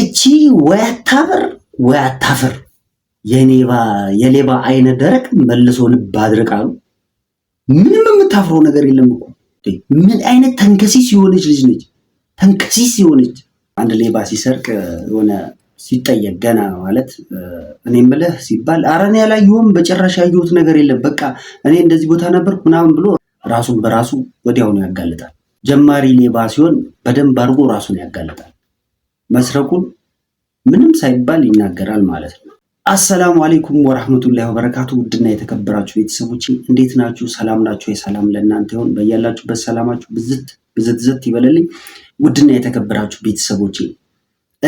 እቺ ወይ ወያታፍር ወይ አታፍር፣ የሌባ አይነ ደረቅ መልሶ ልብ አድርቅ አሉ። ምንም የምታፍረው ነገር የለም እኮ ምን አይነት ተንከሲስ የሆነች ልጅ ነች? ተንከሲስ የሆነች አንድ ሌባ ሲሰርቅ የሆነ ሲጠየቅ ገና ማለት እኔ ምልህ ሲባል ኧረ እኔ ያላየሁም በጭራሽ ያየሁት ነገር የለም በቃ እኔ እንደዚህ ቦታ ነበርኩ ምናምን ብሎ ራሱን በራሱ ወዲያውኑ ያጋልጣል። ጀማሪ ሌባ ሲሆን በደንብ አድርጎ ራሱን ያጋልጣል። መስረቁን ምንም ሳይባል ይናገራል ማለት ነው። አሰላሙ አሌይኩም ወራህመቱላሂ ወበረካቱ። ውድና የተከበራችሁ ቤተሰቦች እንዴት ናችሁ? ሰላም ናችሁ? የሰላም ለእናንተ ይሁን። በያላችሁበት ሰላማችሁ ብዝት ብዝት ዝት ይበለልኝ። ውድና የተከበራችሁ ቤተሰቦች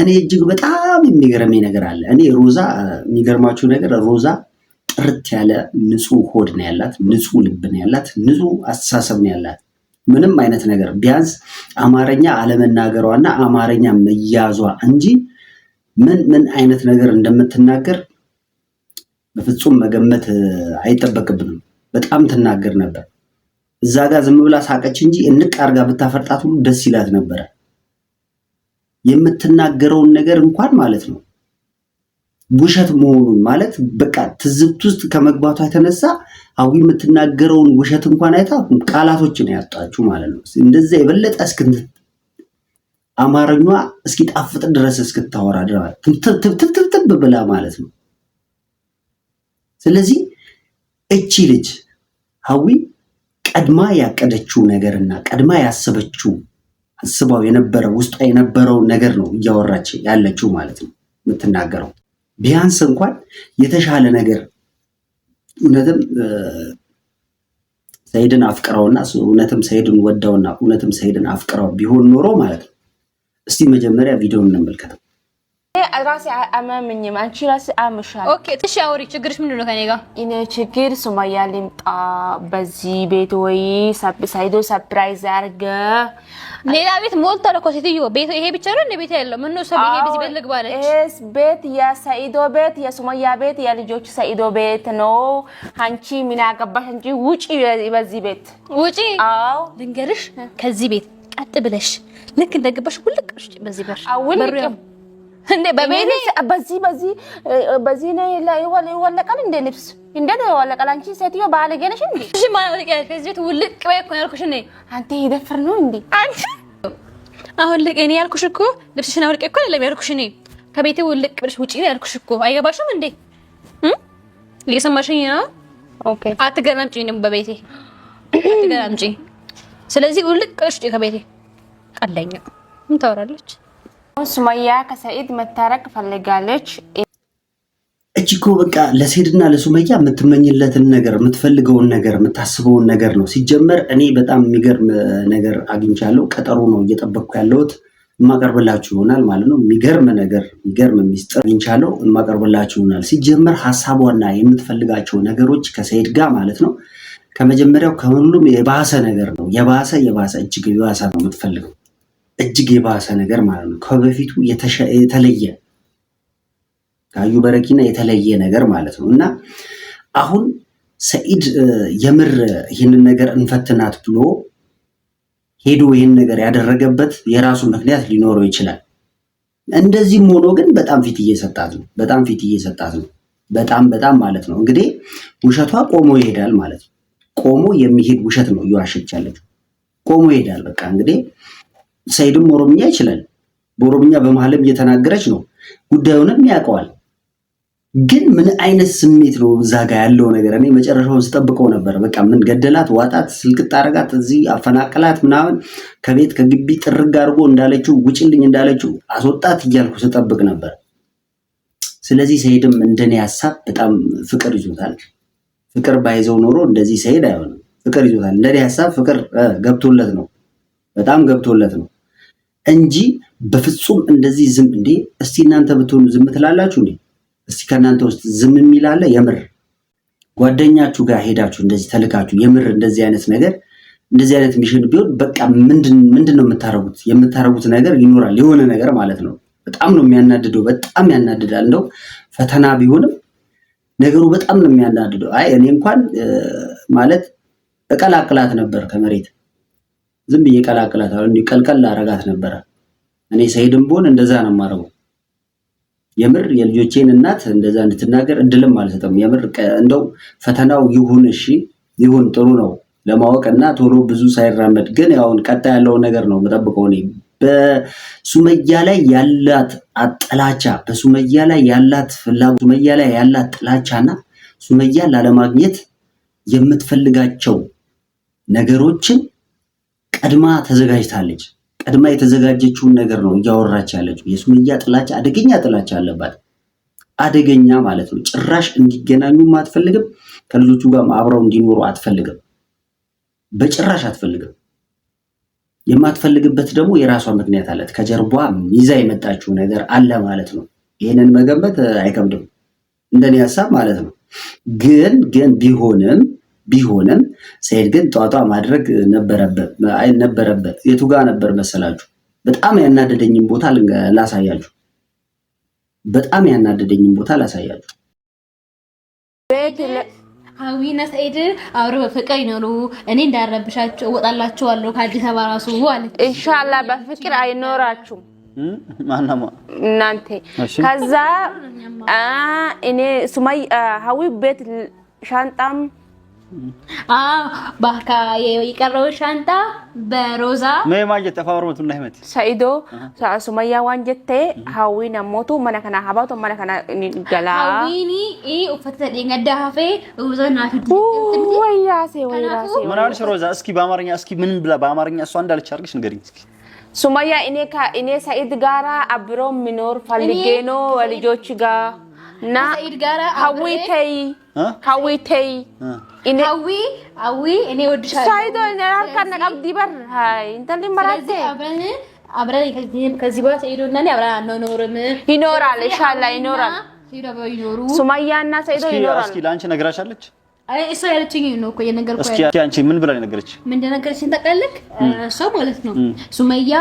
እኔ እጅግ በጣም የሚገርመኝ ነገር አለ። እኔ ሮዛ የሚገርማችሁ ነገር ሮዛ ጥርት ያለ ንጹህ ሆድ ነው ያላት፣ ንጹህ ልብ ነው ያላት፣ ንጹህ አስተሳሰብ ነው ያላት። ምንም አይነት ነገር ቢያንስ አማርኛ አለመናገሯና አማርኛ መያዟ እንጂ ምን ምን አይነት ነገር እንደምትናገር በፍጹም መገመት አይጠበቅብንም። በጣም ትናገር ነበር። እዛ ጋር ዝም ብላ ሳቀች እንጂ እንቅ አርጋ ብታፈርጣት ሁሉ ደስ ይላት ነበረ። የምትናገረውን ነገር እንኳን ማለት ነው ውሸት መሆኑን ማለት በቃ ትዝብት ውስጥ ከመግባቷ የተነሳ አዊ የምትናገረውን ውሸት እንኳን አይታ ቃላቶችን ያጣችሁ ማለት ነው። እንደዛ የበለጠ አማርኛ እስኪጣፍጥ ድረስ እስክታወራ ትብትብትብትብ ብላ ማለት ነው። ስለዚህ እቺ ልጅ ሀዊ ቀድማ ያቀደችው ነገርና ቀድማ ያሰበችው አስባው የነበረ ውስጧ የነበረው ነገር ነው እያወራች ያለችው ማለት ነው የምትናገረው። ቢያንስ እንኳን የተሻለ ነገር እውነትም ሰይድን አፍቅረውና እውነትም ሰይድን ወደውና እውነትም ሰይድን አፍቅረው ቢሆን ኖሮ ማለት ነው። እስቲ መጀመሪያ ቪዲዮን እንመልከተው። ራሴ አመመኝም። አንቺ ራሴ አምሻል። ኦኬ እሺ፣ አውሪ። ችግርሽ ምንድን ነው? ከኔ ጋር እኔ ችግር ሱማያ ልምጣ በዚህ ቤት ወይ ሳይዶ ሰፕራይዝ አርገ ሌላ ቤት ሞልቷል እኮ ሴትዮ። ቤት ይሄ ብቻ ነው እንደ ቤት ያለው ምን ነው ሰው ይሄ ቤት ይበልግ ባለች እስ ቤት የሳይዶ ቤት የሱማያ ቤት የልጆች ሳይዶ ቤት ነው። አንቺ ምን ያገባሽ አንቺ? ውጪ በዚህ ቤት ውጪ። አዎ ልንገርሽ፣ ከዚህ ቤት ቀጥ ብለሽ ልክ እንደገባሽ ሁልቅ በዚህ በር እንዴ በቤት በዚህ በዚህ በዚህ ላይ ላይ ይወለቃል እንዴ ልብስ እንዴ ነው ይወለቃል። አንቺ ሴትዮ ባለጌ ነሽ እንዴ! እሺ ማለት ከዚህ ውልቅ በይ እኮ ያልኩሽ እኔ አንተ ይደፍር ነው እንዴ አንቺ አሁን ልቅ እኔ ያልኩሽ እኮ ልብስሽን አውልቄ እኮ አይደለም ያልኩሽ እኔ ከቤቴ ውልቅ ብለሽ ውጪ ያልኩሽ እኮ አይገባሽም እንዴ እየሰማሽኝ ነው? ኦኬ አትገላምጪ ነው በቤቴ አትገላምጪ። ስለዚህ ውልቅ ብለሽ ውጪ ከቤቴ ቀለኛ ምን ታወራለች? ሱመያ ከሰኢድ መታረቅ ፈልጋለች። እጅ እኮ በቃ ለሴድና ለሱመያ የምትመኝለትን ነገር የምትፈልገውን ነገር የምታስበውን ነገር ነው። ሲጀመር እኔ በጣም የሚገርም ነገር አግኝቻለሁ። ቀጠሮ ነው እየጠበቅኩ ያለሁት የማቀርብላችሁ ይሆናል ማለት ነው። የሚገርም ነገር የሚገርም ሚስጥር አግኝቻለሁ፣ የማቀርብላችሁ ይሆናል። ሲጀመር ሀሳቧና የምትፈልጋቸው ነገሮች ከሰኢድ ጋር ማለት ነው ከመጀመሪያው ከሁሉም የባሰ ነገር ነው። የባሰ የባሰ እጅግ የባሰ ነው የምትፈልገው እጅግ የባሰ ነገር ማለት ነው። ከበፊቱ የተለየ ካዩ በረኪና የተለየ ነገር ማለት ነው እና አሁን ሰኢድ የምር ይህንን ነገር እንፈትናት ብሎ ሄዶ ይህን ነገር ያደረገበት የራሱ ምክንያት ሊኖረው ይችላል። እንደዚህም ሆኖ ግን በጣም ፊት እየሰጣት ነው። በጣም ፊት እየሰጣት ነው። በጣም በጣም ማለት ነው እንግዲህ ውሸቷ ቆሞ ይሄዳል ማለት ነው። ቆሞ የሚሄድ ውሸት ነው እየዋሸች ያለችው። ቆሞ ይሄዳል በቃ እንግዲህ ሰይድም ኦሮምኛ ይችላል። በኦሮምኛ በመሀልም እየተናገረች ነው። ጉዳዩንም ያውቀዋል። ግን ምን አይነት ስሜት ነው እዛ ጋ ያለው ነገር? እኔ መጨረሻውን ስጠብቀው ነበር። በቃ ምን ገደላት፣ ዋጣት፣ ስልቅጥ አረጋት፣ እዚህ አፈናቀላት ምናምን ከቤት ከግቢ ጥርግ አድርጎ እንዳለችው ውጭልኝ እንዳለችው አስወጣት እያልኩ ስጠብቅ ነበር። ስለዚህ ሰይድም እንደኔ ሀሳብ በጣም ፍቅር ይዞታል። ፍቅር ባይዘው ኖሮ እንደዚህ ሰይድ አይሆንም። ፍቅር ይዞታል። እንደኔ ሀሳብ ፍቅር ገብቶለት ነው፣ በጣም ገብቶለት ነው። እንጂ በፍጹም እንደዚህ ዝም እንዴ! እስቲ እናንተ ብትሆኑ ዝም ትላላችሁ እንዴ? እስቲ ከእናንተ ውስጥ ዝም የሚል አለ? የምር ጓደኛችሁ ጋር ሄዳችሁ እንደዚህ ተልካችሁ የምር እንደዚህ አይነት ነገር እንደዚህ አይነት ሚሽን ቢሆን በቃ ምንድን ነው የምታረጉት? የምታረጉት ነገር ይኖራል የሆነ ነገር ማለት ነው። በጣም ነው የሚያናድደው። በጣም ያናድዳል። እንደው ፈተና ቢሆንም ነገሩ በጣም ነው የሚያናድደው። አይ እኔ እንኳን ማለት እቀላቅላት ነበር ከመሬት ዝም ብዬ ቀላቅላታለሁ። እንዲህ ቀልቀል አረጋት ነበረ። እኔ ሰይድም ብሆን እንደዛ ነው የማደርገው። የምር የልጆቼን እናት እንደዛ እንድትናገር እድልም አልሰጥም። የምር እንደው ፈተናው ይሁን እሺ ይሁን ጥሩ ነው ለማወቅ እና ቶሎ ብዙ ሳይራመድ ግን ያውን ቀጣ ያለውን ነገር ነው የምጠብቀው። እኔ በሱመያ ላይ ያላት አጥላቻ በሱመያ ላይ ያላት ፍላጎት ሱመያ ላይ ያላት ጥላቻና ሱመያ ላለማግኘት የምትፈልጋቸው ነገሮችን ቀድማ ተዘጋጅታለች። ቀድማ የተዘጋጀችውን ነገር ነው እያወራች ያለችው። የሱመያ ጥላቻ አደገኛ ጥላቻ አለባት፣ አደገኛ ማለት ነው። ጭራሽ እንዲገናኙም አትፈልግም። ከልጆቹ ጋር አብረው እንዲኖሩ አትፈልግም፣ በጭራሽ አትፈልግም። የማትፈልግበት ደግሞ የራሷ ምክንያት አለት። ከጀርቧ ይዛ የመጣችው ነገር አለ ማለት ነው። ይህንን መገመት አይከብድም፣ እንደኔ ሀሳብ ማለት ነው። ግን ግን ቢሆንም ቢሆንም ሰኢድ ግን ጧጧ ማድረግ ነበረበት። የቱጋ ነበር መሰላችሁ? በጣም ያናደደኝም ቦታ ላሳያችሁ። በጣም ያናደደኝም ቦታ ላሳያችሁ። ሀዊና ሰኢድ አብረው በፍቅር ይኖሩ። እኔ እንዳረብሻቸው እወጣላችኋለሁ ከአዲስ አበባ ራሱ አለ። በፍቅር አይኖራችሁም እናንተ። ከዛ እኔ ሱማይ ሀዊ ቤት ሻንጣም ባካ የቀረው ሻንጣ በሮዛ ሜ ጀተ ፋወርመቱ እና ህመት ሰኢዶ ሱመያ ዋን ጀተ ሀዊ ነሞቱ ሀባቶ ገላ ሀዊኒ ኡፈተ ሀፌ ናቱ ወያሴ ሮዛ እስኪ በአማርኛ እስኪ ምን ብላ በአማርኛ እሷ እንዳለች አድርግሽ ንገሪኝ እስኪ ሱመያ እኔ ከእኔ ሰኢድ ጋራ አብሮ ፈልጌ ነው ልጆች ጋር እና ሀዊ ተይ ሀዊ ተይ ሀዊ ሀዊ እኔ እወድሻለሁ ይኖራል ኢንሻአላህ ይኖራል። ሰይዶ አብረው ይኖሩ ይኖራል። እስኪ ለአንቺ ነግራሻለች? እሷ ያለችኝ ነው እኮ የነገርኩ። እስኪ አንቺ ምን ብላ ነገረች? ምን እንደነገረችኝ ታውቃለህ? እሷ ማለት ነው ሱማያ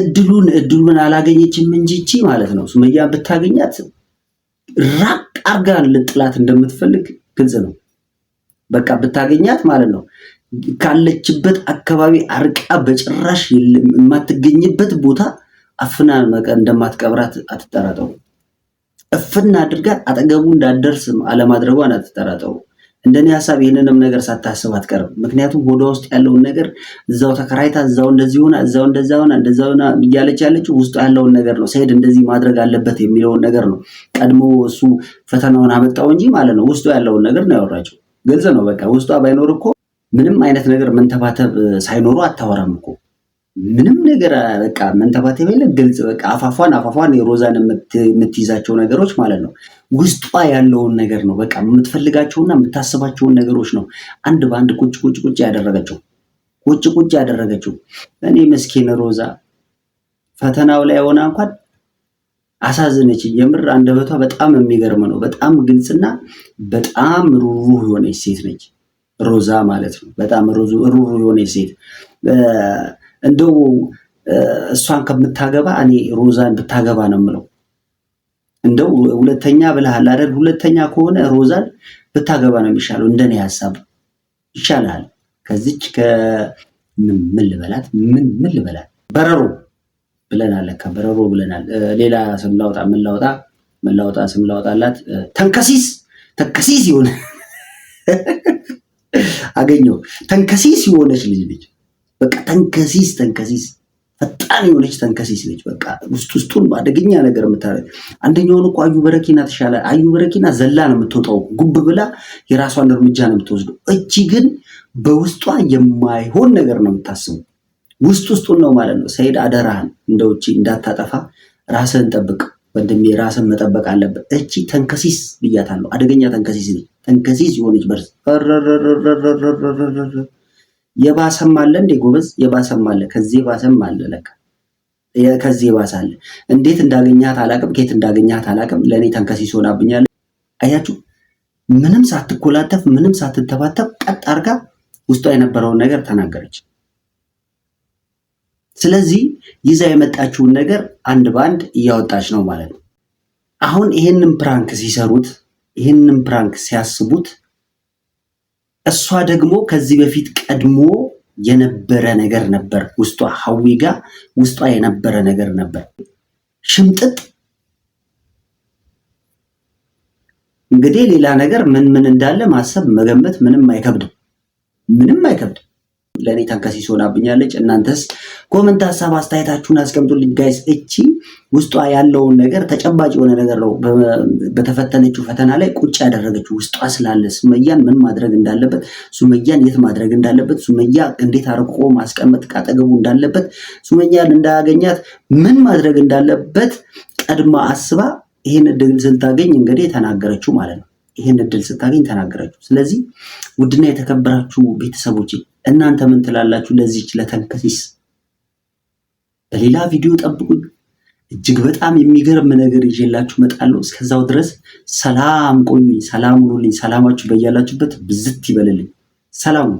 እድሉን እድሉን አላገኘችም እንጂ እቺ ማለት ነው ሱመያ ብታገኛት ራቅ አርጋን ልጥላት እንደምትፈልግ ግልጽ ነው። በቃ ብታገኛት ማለት ነው ካለችበት አካባቢ አርቃ በጭራሽ የማትገኝበት ቦታ አፍና እንደማትቀብራት አትጠራጠሩ። እፍና አድርጋ አጠገቡ እንዳደርስ አለማድረጓን አትጠራጠሩ። እንደኔ ሀሳብ ይህንንም ነገር ሳታስብ አትቀርም። ምክንያቱም ሆዷ ውስጥ ያለውን ነገር እዛው ተከራይታ እዛው እንደዚህ ሆና እዛው እንደዛ ሆና እንደዛ ሆና እያለች ያለች ውስጡ ያለውን ነገር ነው። ሰኢድ እንደዚህ ማድረግ አለበት የሚለውን ነገር ነው ቀድሞ እሱ ፈተናውን አመጣው እንጂ ማለት ነው። ውስጡ ያለውን ነገር ነው ያወራቸው። ግልጽ ነው። በቃ ውስጧ ባይኖር እኮ ምንም አይነት ነገር መንተባተብ ሳይኖሩ አታወራም እኮ ምንም ነገር በቃ መንተባተብ የሌለ ግልጽ በቃ አፋፏን አፋፏን የሮዛን የምትይዛቸው ነገሮች ማለት ነው። ውስጧ ያለውን ነገር ነው በቃ የምትፈልጋቸውና የምታስባቸውን ነገሮች ነው አንድ በአንድ ቁጭ ቁጭ ቁጭ ያደረገችው ቁጭ ቁጭ ያደረገችው። እኔ መስኪን ሮዛ ፈተናው ላይ ሆና እንኳን አሳዘነች። የምር አንደበቷ በጣም የሚገርም ነው። በጣም ግልጽና በጣም ሩሩህ የሆነች ሴት ነች ሮዛ ማለት ነው። በጣም ሩሩህ የሆነች ሴት እንደው እሷን ከምታገባ እኔ ሮዛን ብታገባ ነው የምለው። እንደው ሁለተኛ ብለሃል አይደል? ሁለተኛ ከሆነ ሮዛን ብታገባ ነው የሚሻለው። እንደኔ ሀሳብ ይሻላል። ከዚች ምን ልበላት? ምን ምን ልበላት? በረሮ ብለናል። ለካ በረሮ ብለናል። ሌላ ስም ላውጣ? ምን ላውጣ? ምን ላውጣ? ስም ላውጣላት? ተንከሲስ ተንከሲስ የሆነ አገኘው። ተንከሲስ የሆነች ልጅ ልጅ በቃ ተንከሲስ ተንከሲስ ፈጣን የሆነች ተንከሲስ ነች። በቃ ውስጥ ውስጡን አደገኛ ነገር የምታደርግ አንደኛውን እኮ አዩ በረኪና ተሻለ። አዩ በረኪና ዘላ ነው የምትወጣው፣ ጉብ ብላ የራሷን እርምጃ ነው የምትወስደው። እቺ ግን በውስጧ የማይሆን ነገር ነው የምታስቡ። ውስጥ ውስጡን ነው ማለት ነው። ሰይድ አደራህን እንደ ውጭ እንዳታጠፋ ራስህን ጠብቅ ወንድሜ፣ ራስህን መጠበቅ አለበት። እቺ ተንከሲስ ብያታለሁ፣ አደገኛ ተንከሲስ ነች። ተንከሲስ የሆነች በርስ የባሰም አለ እንዴ ጎበዝ፣ የባሰም አለ፣ ከዚህ የባሰም አለ። ለካ ከዚህ የባሰ አለ። እንዴት እንዳገኛት አላቅም፣ ከየት እንዳገኛት አላቅም። ለእኔ ተንከሲስ ሆናብኛል። አያችሁ፣ ምንም ሳትኮላተፍ፣ ምንም ሳትተባተፍ፣ ቀጥ አርጋ ውስጧ የነበረውን ነገር ተናገረች። ስለዚህ ይዛ የመጣችውን ነገር አንድ በአንድ እያወጣች ነው ማለት ነው። አሁን ይህንን ፕራንክ ሲሰሩት፣ ይህንን ፕራንክ ሲያስቡት እሷ ደግሞ ከዚህ በፊት ቀድሞ የነበረ ነገር ነበር። ውስጧ ሀዊ ጋር ውስጧ የነበረ ነገር ነበር። ሽምጥጥ እንግዲህ ሌላ ነገር ምን ምን እንዳለ ማሰብ መገመት ምንም አይከብድም፣ ምንም አይከብድም። ለእኔ ተንከሲ ሆናብኛለች። እናንተስ ኮመንት፣ ሀሳብ አስተያየታችሁን አስቀምጡልኝ ጋይስ። እቺ ውስጧ ያለውን ነገር ተጨባጭ የሆነ ነገር ነው በተፈተነችው ፈተና ላይ ቁጭ ያደረገችው ውስጧ ስላለ ሱመያን ምን ማድረግ እንዳለበት፣ ሱመያን የት ማድረግ እንዳለበት፣ ሱመያ እንዴት አርቆ ማስቀመጥ ካጠገቡ እንዳለበት፣ ሱመያን እንዳያገኛት ምን ማድረግ እንዳለበት ቀድማ አስባ ይህን እድል ስታገኝ እንግዲህ ተናገረችው ማለት ነው። ይህን እድል ስታገኝ ተናገረችው። ስለዚህ ውድና የተከበራችሁ ቤተሰቦች እናንተ ምን ትላላችሁ? ለዚች ለተንከሲስ በሌላ ቪዲዮ ጠብቁኝ። እጅግ በጣም የሚገርም ነገር ይዤላችሁ እመጣለሁ። እስከዛው ድረስ ሰላም ቆዩኝ፣ ሰላም ሁኑልኝ። ሰላማችሁ በያላችሁበት ብዝት ይበልልኝ። ሰላም